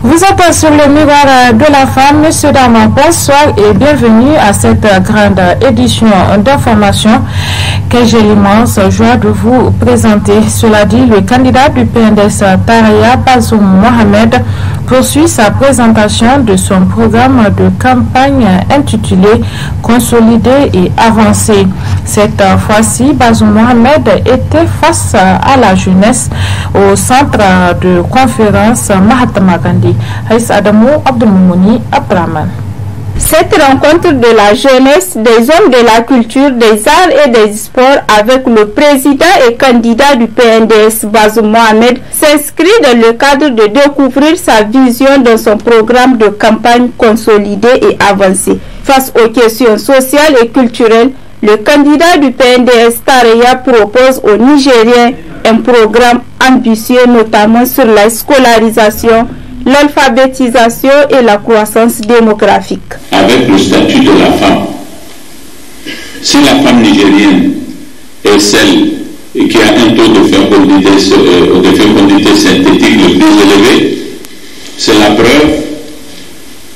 Vous êtes sur le miroir euh, de la femme, monsieur Daman, Bonsoir et bienvenue à cette euh, grande euh, édition d'information que j'ai l'immense joie de vous présenter. Cela dit, le candidat du PNDS, Taraya, Bazoum Mohamed, poursuit sa présentation de son programme de campagne intitulé Consolider et avancer. Cette fois-ci, Bazoum Mohamed était face à la jeunesse au centre de conférence Mahatma Gandhi. Haïs Adamou, Abdelmouni Abraman. Cette rencontre de la jeunesse, des hommes de la culture, des arts et des sports avec le président et candidat du PNDS Bazou Mohamed s'inscrit dans le cadre de découvrir sa vision dans son programme de campagne consolidé et avancé. Face aux questions sociales et culturelles, le candidat du PNDS Tareya propose aux Nigériens un programme ambitieux notamment sur la scolarisation l'alphabétisation et la croissance démographique. Avec le statut de la femme, si la femme nigérienne est celle qui a un taux euh, de fécondité, synthétique le plus élevé, c'est la preuve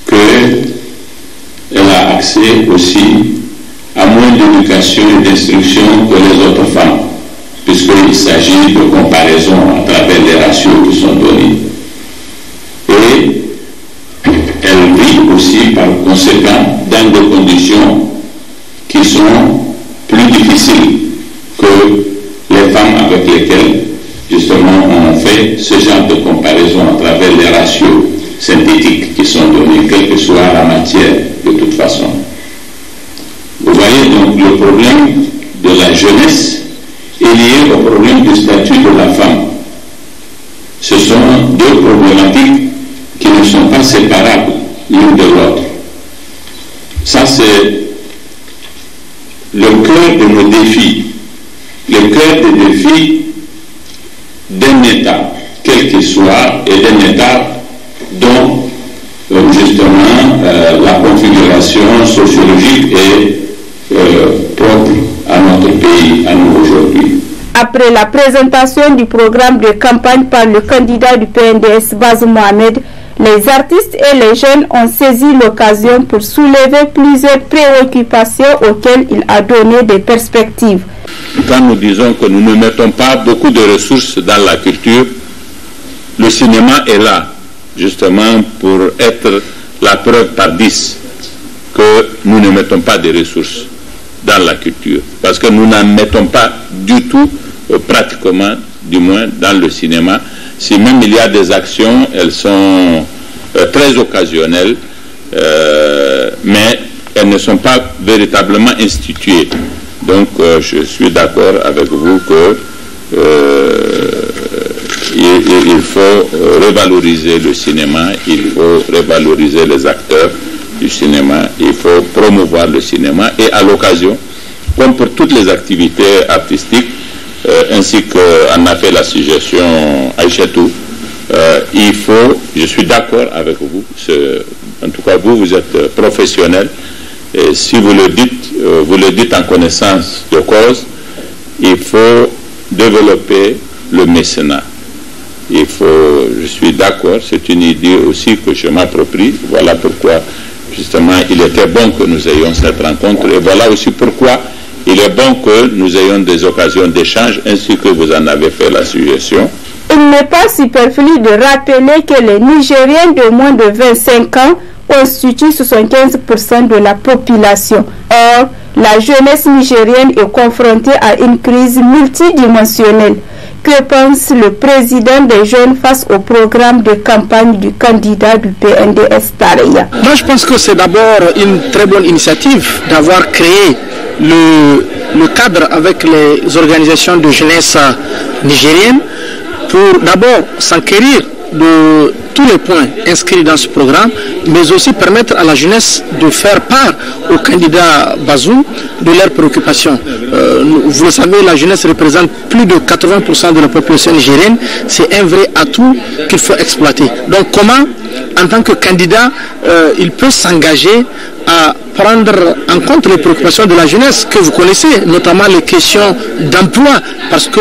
qu'elle a accès aussi à moins d'éducation et d'instruction que les autres femmes, puisqu'il s'agit de comparaison à travers les ratios qui sont donnés. aussi par conséquent dans des conditions qui sont plus difficiles que les femmes avec lesquelles justement on fait ce genre de comparaison à travers les ratios synthétiques qui sont donnés, quelle que soit la matière de toute façon. Vous voyez donc le problème de la jeunesse est lié au problème du statut de la femme. Ce sont deux problématiques qui ne sont pas séparables l'une de l'autre. Ça, c'est le cœur de nos défis, le cœur des défis d'un État, quel qu'il soit, et d'un État dont euh, justement euh, la configuration sociologique est euh, propre à notre pays, à nous aujourd'hui après la présentation du programme de campagne par le candidat du PNDS Baz Mohamed, les artistes et les jeunes ont saisi l'occasion pour soulever plusieurs préoccupations auxquelles il a donné des perspectives. Quand nous disons que nous ne mettons pas beaucoup de ressources dans la culture, le cinéma est là, justement, pour être la preuve par dix que nous ne mettons pas de ressources dans la culture, parce que nous n'en mettons pas du tout euh, pratiquement, du moins dans le cinéma. Si même il y a des actions, elles sont euh, très occasionnelles, euh, mais elles ne sont pas véritablement instituées. Donc je suis d'accord avec vous que il, faut revaloriser le cinéma, il faut revaloriser les acteurs du cinéma, il faut promouvoir le cinéma et à l'occasion, comme pour toutes les activités artistiques, euh, ainsi qu'en a fait la suggestion Aïchatou, euh, il faut, je suis d'accord avec vous, en tout cas vous, vous êtes professionnel, et si vous le dites, euh, vous le dites en connaissance de cause, il faut développer le mécénat. Il faut, je suis d'accord, c'est une idée aussi que je m'approprie. Voilà pourquoi, justement, il était bon que nous ayons cette rencontre. Et voilà aussi pourquoi il est bon que nous ayons des occasions d'échange ainsi que vous en avez fait la suggestion. Il n'est pas superflu de rappeler que les Nigériens de moins de 25 ans constituent 75% de la population. Or, la jeunesse nigérienne est confrontée à une crise multidimensionnelle. Que pense le président des jeunes face au programme de campagne du candidat du PNDS Tareya Moi, je pense que c'est d'abord une très bonne initiative d'avoir créé le, le cadre avec les organisations de jeunesse nigérienne pour d'abord s'enquérir de tous les points inscrits dans ce programme, mais aussi permettre à la jeunesse de faire part aux candidats Bazou de leurs préoccupations. Euh, vous le savez, la jeunesse représente plus de 80% de la population nigérienne. C'est un vrai atout qu'il faut exploiter. Donc comment en tant que candidat, euh, il peut s'engager à prendre en compte les préoccupations de la jeunesse que vous connaissez, notamment les questions d'emploi, parce que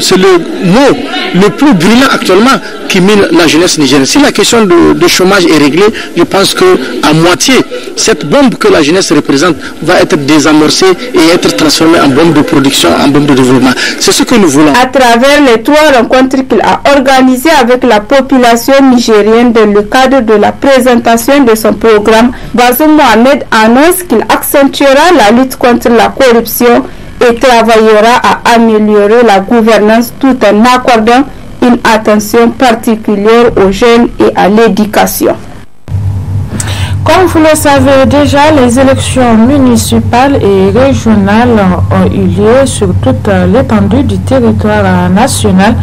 c'est le mot le plus brillant actuellement qui mine la jeunesse nigérienne. Si la question de, chômage est réglée, je pense que à moitié, cette bombe que la jeunesse représente va être désamorcée et être transformée en bombe de production, en bombe de développement. C'est ce que nous voulons. À travers les trois rencontres qu'il a organisées avec la population nigérienne dans le cadre de la présentation de son programme, Bazoum Mohamed annonce qu'il accentuera la lutte contre la corruption et travaillera à améliorer la gouvernance tout en accordant une attention particulière aux jeunes et à l'éducation. Comme vous le savez déjà, les élections municipales et régionales ont eu lieu sur toute l'étendue du territoire national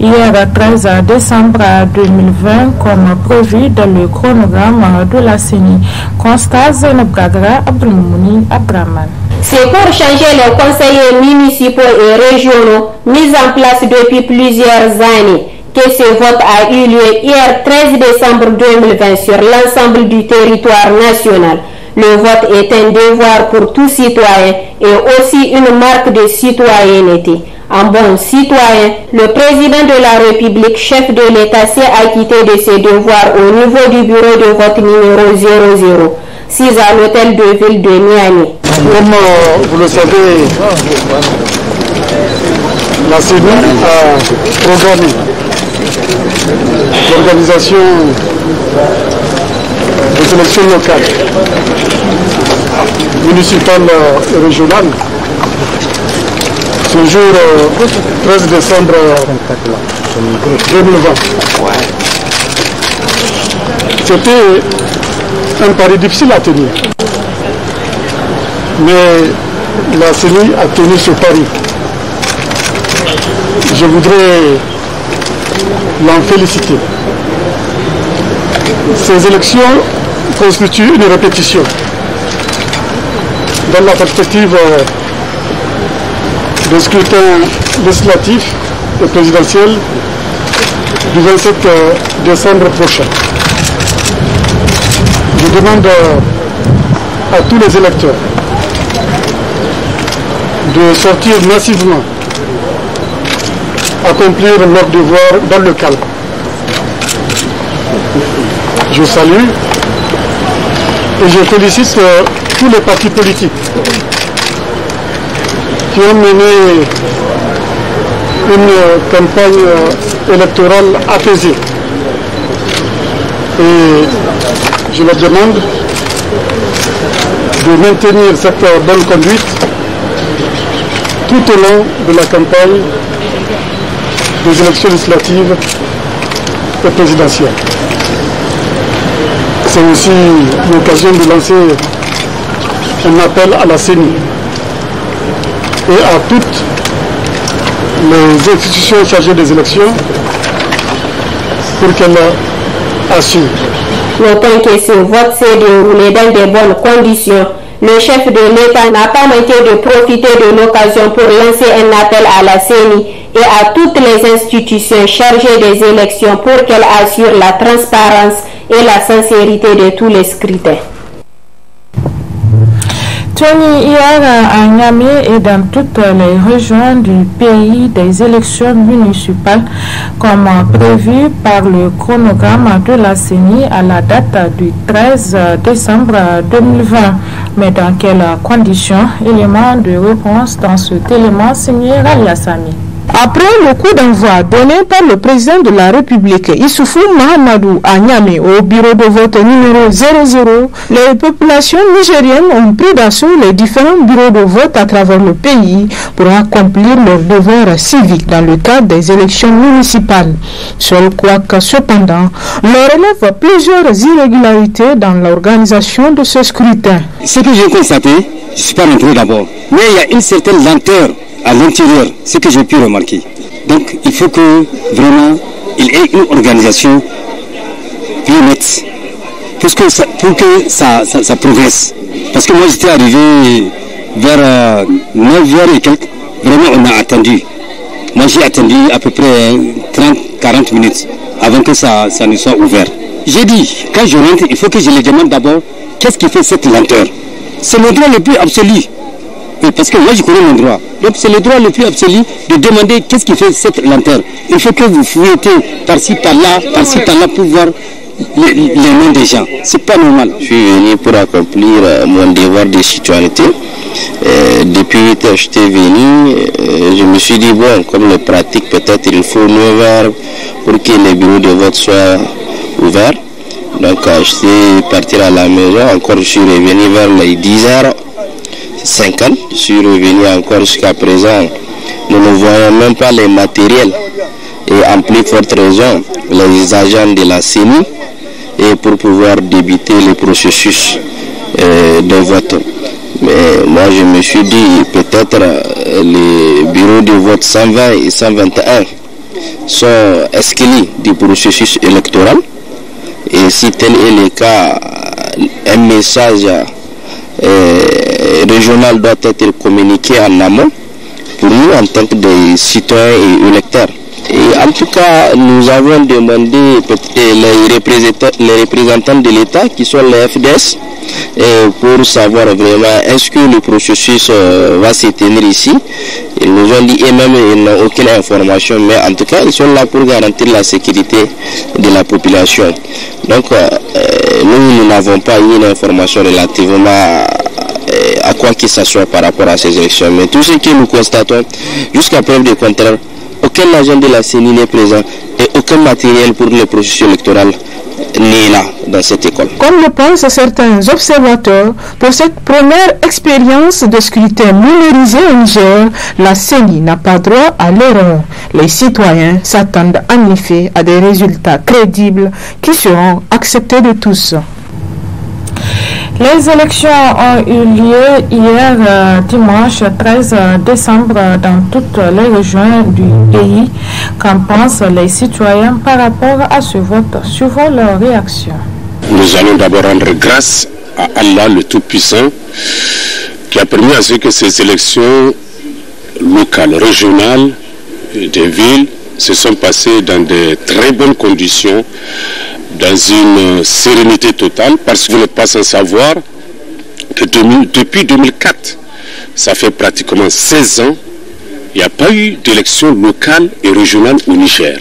hier 13 décembre 2020 comme prévu dans le chronogramme de la CENI. Constance Nobgadra Abdelmouni Abraman. C'est pour changer les conseillers municipaux et régionaux mis en place depuis plusieurs années que ce vote a eu lieu hier 13 décembre 2020 sur l'ensemble du territoire national. Le vote est un devoir pour tout citoyen et aussi une marque de citoyenneté. En bon citoyen, le président de la République, chef de l'État, s'est acquitté de ses devoirs au niveau du bureau de vote numéro 00, 6 à l'hôtel de ville de Miami. Comme euh, vous le savez, la CENI a l'organisation des élections locales, municipales et régionales. Ce jour 13 euh, décembre 2020. C'était un pari difficile à tenir. Mais la CENI a tenu ce pari. Je voudrais l'en féliciter. Ces élections constituent une répétition dans la perspective euh, d'un scrutin législatif et présidentiel du 27 euh, décembre prochain. Je demande euh, à tous les électeurs de sortir massivement accomplir leur devoir dans le calme. Je salue et je félicite euh, tous les partis politiques qui ont mené une euh, campagne euh, électorale apaisée. Et je leur demande de maintenir cette bonne conduite tout au long de la campagne des élections législatives et présidentielles. C'est aussi l'occasion de lancer un appel à la CENI et à toutes les institutions chargées des élections pour qu'elles assurent. que ce vote s'est dans de bonnes conditions le chef de l'État n'a pas manqué de profiter de l'occasion pour lancer un appel à la CENI et à toutes les institutions chargées des élections pour qu'elles assurent la transparence et la sincérité de tous les scrutins. Tony, hier à euh, Niamey et dans toutes les régions du pays, des élections municipales comme euh, prévu par le chronogramme de la CENI à la date du 13 euh, décembre 2020. Mais dans quelles conditions Élément de réponse dans cet élément signé à après le coup d'envoi donné par le président de la République Issoufou Mahamadou à Niamey au bureau de vote numéro 00, les populations nigériennes ont pris d'assaut les différents bureaux de vote à travers le pays pour accomplir leurs devoirs civiques dans le cadre des élections municipales. Sur quoi que cependant, leur relève plusieurs irrégularités dans l'organisation de ce scrutin. Ce que j'ai constaté, je ne suis pas rentré d'abord. Mais il y a une certaine lenteur à l'intérieur, ce que j'ai pu remarquer. Donc il faut que vraiment il y ait une organisation plus nette pour que ça, progresse. Parce que moi j'étais arrivé vers 9h euh, et quelques. Vraiment on a attendu. Moi j'ai attendu à peu près 30-40 minutes avant que ça, ça ne soit ouvert. J'ai dit, quand je rentre, il faut que je les demande d'abord qu'est-ce qui fait cette lenteur c'est le droit le plus absolu. Parce que moi, je connais mon droit. Donc, c'est le droit le plus absolu de demander qu'est-ce qui fait cette lanterne. Il faut que vous fouettez par-ci, par-là, par-ci, par-là pour voir les, noms des gens. C'est pas normal. Je suis venu pour accomplir euh, mon devoir de citoyenneté. Euh, depuis que j'étais venu, euh, je me suis dit, bon, comme les pratiques, peut-être il faut nous pour que les bureaux de vote soient ouverts. Donc euh, je suis parti à la maison, encore je suis revenu vers les 10h50. Je suis revenu encore jusqu'à présent. Nous ne voyons même pas les matériels. Et en plus forte raison, les agents de la CENI et pour pouvoir débuter le processus euh, de vote. Mais moi, je me suis dit, peut-être euh, les bureaux de vote 120 et 121 sont escalés du processus électoral. Et si tel est le cas, un message euh, régional doit être communiqué en amont pour nous en tant que citoyens et électeurs. Et en tout cas, nous avons demandé les représentants, de l'État, qui sont les FDS, euh, pour savoir vraiment est-ce que le processus euh, va se tenir ici. Ils nous ont dit eux ils n'ont aucune information, mais en tout cas, ils sont là pour garantir la sécurité de la population. Donc, euh, euh, nous, n'avons pas eu d'informations relativement euh, à quoi que ce soit par rapport à ces élections. Mais tout ce que nous constatons, jusqu'à preuve du contraire, aucun agent de la CENI n'est présent et aucun matériel pour le processus électoral dans cette Comme le pensent certains observateurs, pour cette première expérience de scrutin numérisé en Niger, la CENI n'a pas droit à l'erreur. Les citoyens s'attendent en effet à des résultats crédibles qui seront acceptés de tous. Les élections ont eu lieu hier euh, dimanche 13 décembre dans toutes les régions du pays. Qu'en pensent les citoyens par rapport à ce vote Suivons leur réaction. Nous allons d'abord rendre grâce à Allah le Tout-Puissant qui a permis à ce que ces élections locales, régionales, des villes se sont passées dans de très bonnes conditions dans une sérénité totale parce que vous n'êtes pas sans savoir que depuis 2004, ça fait pratiquement 16 ans, il n'y a pas eu d'élection locale et régionale au Niger.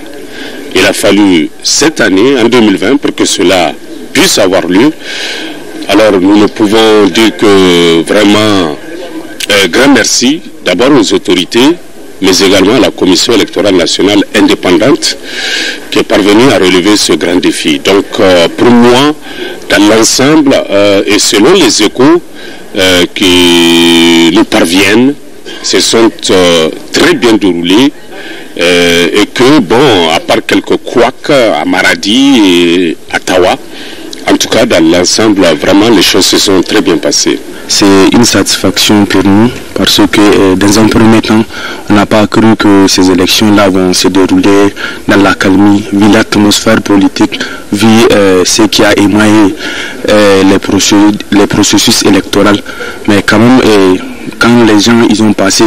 Il a fallu cette année, en 2020, pour que cela puisse avoir lieu. Alors nous ne pouvons dire que vraiment, un euh, grand merci d'abord aux autorités mais également la Commission électorale nationale indépendante qui est parvenue à relever ce grand défi. Donc euh, pour moi, dans l'ensemble, euh, et selon les échos euh, qui nous parviennent, se sont très bien déroulés et que, bon, à part quelques couacs à Maradi et à Tawa, en tout cas, dans l'ensemble, vraiment, les choses se sont très bien passées. C'est une satisfaction pour nous parce que euh, dans un premier temps, on n'a pas cru que ces élections-là vont se dérouler dans la calmie, vu l'atmosphère politique, vu euh, ce qui a émaillé euh, les, processus, les électoraux. Mais quand même, quand les gens ils ont passé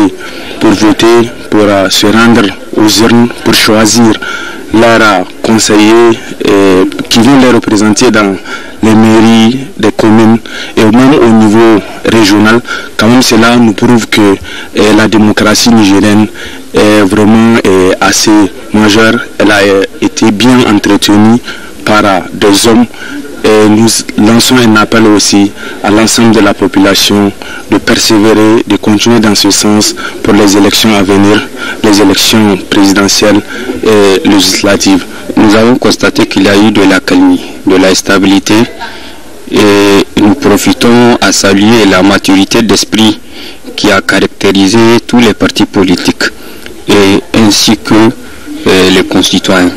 pour voter, pour se rendre aux urnes, pour choisir leurs conseillers euh, qui vont les représenter dans les mairies les communes et même au niveau régional, quand même cela nous prouve que euh, la démocratie nigérienne est vraiment euh, assez majeure. Elle a été bien entretenue par des hommes euh, nous lançons un appel aussi à l'ensemble de la population de persévérer, de continuer dans ce sens pour les élections à venir, les élections présidentielles et législatives. Nous avons constaté qu'il y a eu de la calmie, de la stabilité et nous profitons à saluer la maturité d'esprit qui a caractérisé tous les partis politiques et ainsi que euh, les concitoyens.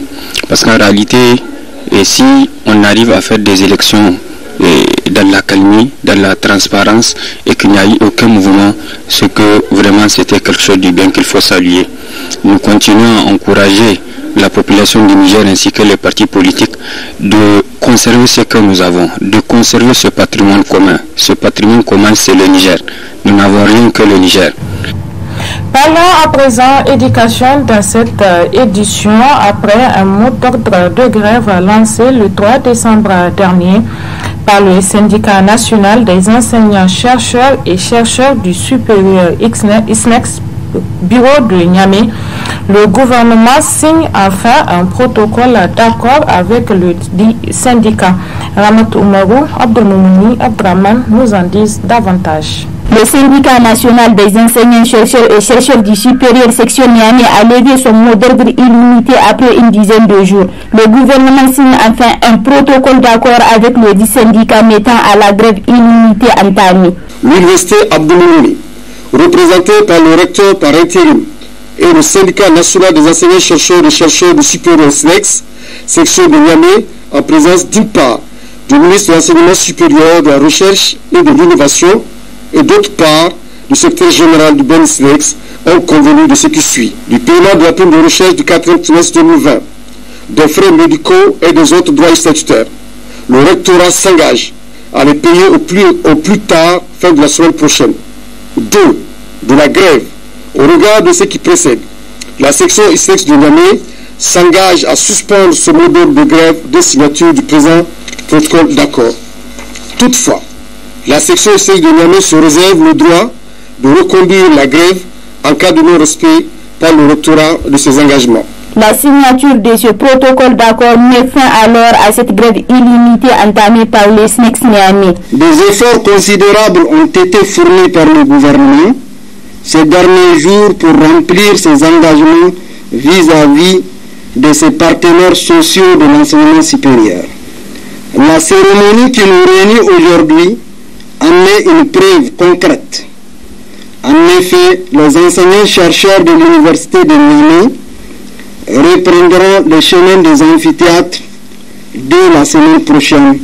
Parce qu'en réalité, et si on arrive à faire des élections dans la calmie, dans la transparence et qu'il n'y a eu aucun mouvement, ce que vraiment c'était quelque chose du bien qu'il faut saluer. Nous continuons à encourager la population du Niger ainsi que les partis politiques de conserver ce que nous avons, de conserver ce patrimoine commun. Ce patrimoine commun, c'est le Niger. Nous n'avons rien que le Niger. Parlons à présent éducation dans cette euh, édition après un mot d'ordre de grève lancé le 3 décembre dernier par le syndicat national des enseignants chercheurs et chercheurs du supérieur ISNEX, e e bureau de Niamey. Le gouvernement signe enfin un protocole d'accord avec le syndicat. Ramat Oumarou, Abdelmouni Abdraman nous en disent davantage. Le syndicat national des enseignants-chercheurs et chercheurs du supérieur section Niamey a levé son mot d'ordre illimité après une dizaine de jours. Le gouvernement signe enfin un protocole d'accord avec le dit syndicat mettant à la grève illimitée entamée. L'université Abdoulmouni, représentée par le recteur par intérim et le syndicat national des enseignants-chercheurs et chercheurs du supérieur SNEX, section de Niamey, en présence d'une part du ministre de l'enseignement supérieur, de la recherche et de l'innovation, et d'autre part, le secrétaire général du BENSLEX ont convenu de ce qui suit. Du paiement de la prime de recherche du 4e 2020, des frais médicaux et des autres droits statutaires. Le rectorat s'engage à les payer au plus, tard fin de la semaine prochaine. Deux, De la grève. Au regard de ce qui précède, la section ISEX de l'année s'engage à suspendre ce modèle de grève de signature du présent protocole d'accord. Toutefois, la section C de Niamey se réserve le droit de reconduire la grève en cas de non-respect par le rectorat de ses engagements. La signature de ce protocole d'accord met fin alors à cette grève illimitée entamée par les SNEX Niamey. Des efforts considérables ont été fournis par le gouvernement ces derniers jours pour remplir ses engagements vis à -vis de ses partenaires sociaux de l'enseignement supérieur. La cérémonie qui nous réunit aujourd'hui amener une preuve concrète. En effet, les enseignants-chercheurs de l'Université de Niamey reprendront le chemin des amphithéâtres dès la semaine prochaine,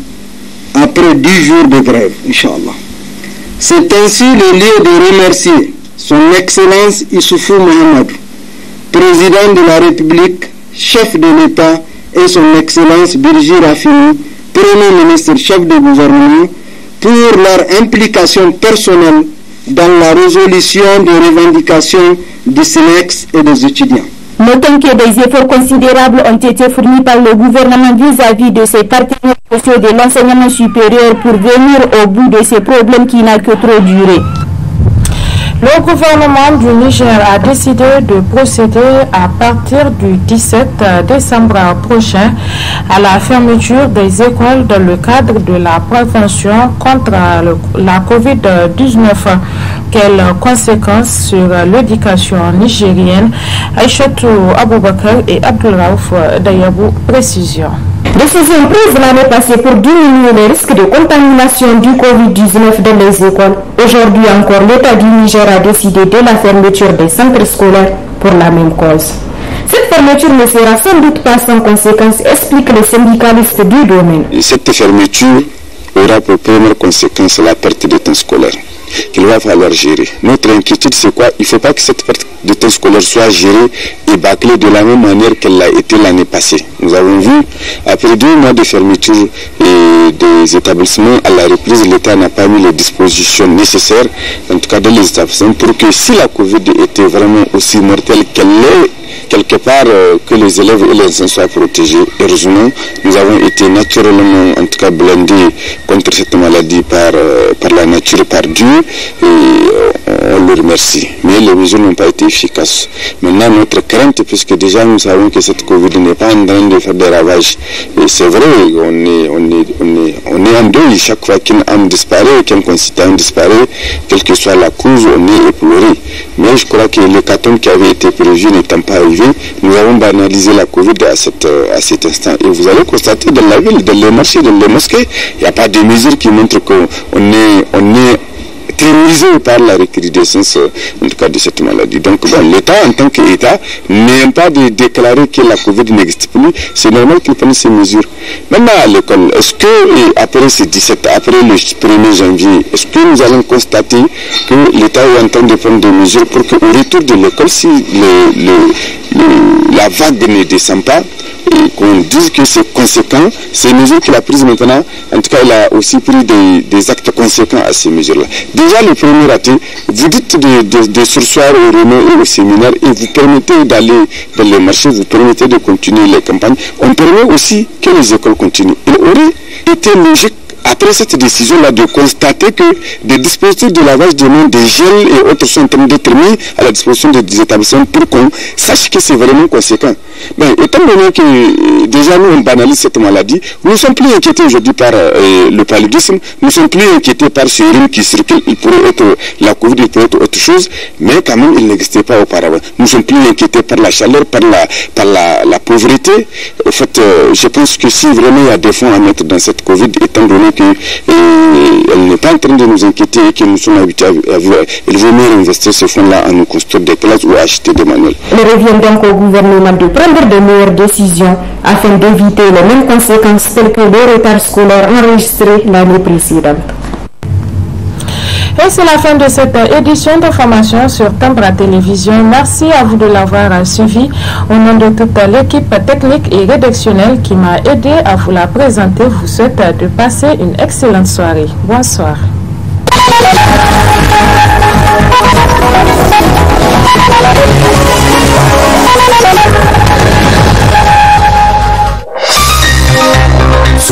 après dix jours de grève, Inch'Allah. C'est ainsi le lieu de remercier son Excellence Issoufou Mohamed, président de la République, chef de l'État, et son Excellence Birji Rafini, premier ministre chef de gouvernement, pour leur implication personnelle dans la résolution des revendications des SELEX et des étudiants. Notons que des efforts considérables ont été fournis par le gouvernement vis-à-vis de ses partenaires sociaux de l'enseignement supérieur pour venir au bout de ces problèmes qui n'ont que trop duré. Le gouvernement du Niger a décidé de procéder à partir du 17 décembre prochain à la fermeture des écoles dans le cadre de la prévention contre la COVID-19. Quelles conséquences sur l'éducation nigérienne Aïchatou Aboubakar et Raouf Dayabou, précision. Décision prise l'année passée pour diminuer les risques de contamination du COVID-19 dans les écoles. Aujourd'hui encore, l'État du Niger a décidé de la fermeture des centres scolaires pour la même cause. Cette fermeture ne sera sans doute pas sans conséquence, explique les syndicalistes du domaine. Cette fermeture aura pour première conséquence la perte de temps scolaire qu'il va falloir gérer. Notre inquiétude, c'est quoi Il ne faut pas que cette perte de thèse scolaire soit gérée et bâclée de la même manière qu'elle l'a été l'année passée. Nous avons vu, après deux mois de fermeture des établissements, à la reprise, l'État n'a pas mis les dispositions nécessaires, en tout cas de les établissements, pour que si la Covid était vraiment aussi mortelle qu'elle l'est, quelque part euh, que les élèves et les enseignants soient protégés. Heureusement, nous avons été naturellement, en tout cas, blindés contre cette maladie par, euh, par la nature, par Dieu, et euh, on le remercie. Mais les mesures n'ont pas été Maintenant, notre crainte, puisque déjà nous savons que cette Covid n'est pas en train de faire des ravages, et c'est vrai, on est, on, est, on, est, en deuil chaque fois qu'une âme disparaît, qu'un concitant disparaît, quelle que soit la cause, on est éploré. Mais je crois que les l'hécatombe qui avait été prévu n'étant pas arrivé, nous avons banalisé la Covid à, cette, à cet instant. Et vous allez constater dans la ville, dans les marchés, dans les mosquées, il n'y a pas de mesures qui montrent qu'on est, on est par la recrudescence, en tout cas, de cette maladie. Donc, bon, l'État, en tant qu'État, n'aime pas de déclarer que la COVID n'existe plus. C'est normal qu'ils prennent ces mesures. Maintenant, à l'école, est-ce que, après ces 17, après le 1er janvier, est-ce que nous allons constater que l'État est en train de prendre des mesures pour que au retour de l'école, si le, la vague ne descend pas, qu'on dise que c'est conséquent, ces mesures qu'il a prises maintenant, en tout cas, il a aussi pris des, actes conséquents à ces mesures-là les le premier vous dites de, de, sursoir au Renault et au séminaire et vous permettez d'aller dans les marchés, vous permettez de continuer les campagnes. On permet aussi que les écoles continuent. Il aurait été logique après cette décision-là de constater que des dispositifs de lavage de mains, des gels et autres sont en train d'être mis à la disposition des établissements pour qu'on sache que c'est vraiment conséquent. Mais étant donné que euh, déjà nous on banalise cette maladie, nous ne sommes plus inquiétés aujourd'hui par euh, le paludisme, nous ne sommes plus inquiétés par ce rhume qui circule, il pourrait être la COVID, il pourrait être autre chose, mais quand même il n'existait pas auparavant. Nous ne sommes plus inquiétés par la chaleur, par la, la, pauvreté. En fait, euh, je pense que si vraiment il y a des fonds à mettre dans cette COVID, étant donné qu'elle n'est pas en train de nous inquiéter et que nous sommes habitués à vouloir mieux investir ce fonds-là à nous construire des places ou acheter des manuels. Il revient donc au gouvernement de prendre de meilleures décisions afin d'éviter les mêmes conséquences telles que les retards scolaires enregistrés l'année précédente. Et c'est la fin de cette édition d'information sur à Télévision. Merci à vous de l'avoir suivi. Au nom de toute l'équipe technique et rédactionnelle qui m'a aidé à vous la présenter, je vous souhaite de passer une excellente soirée. Bonsoir.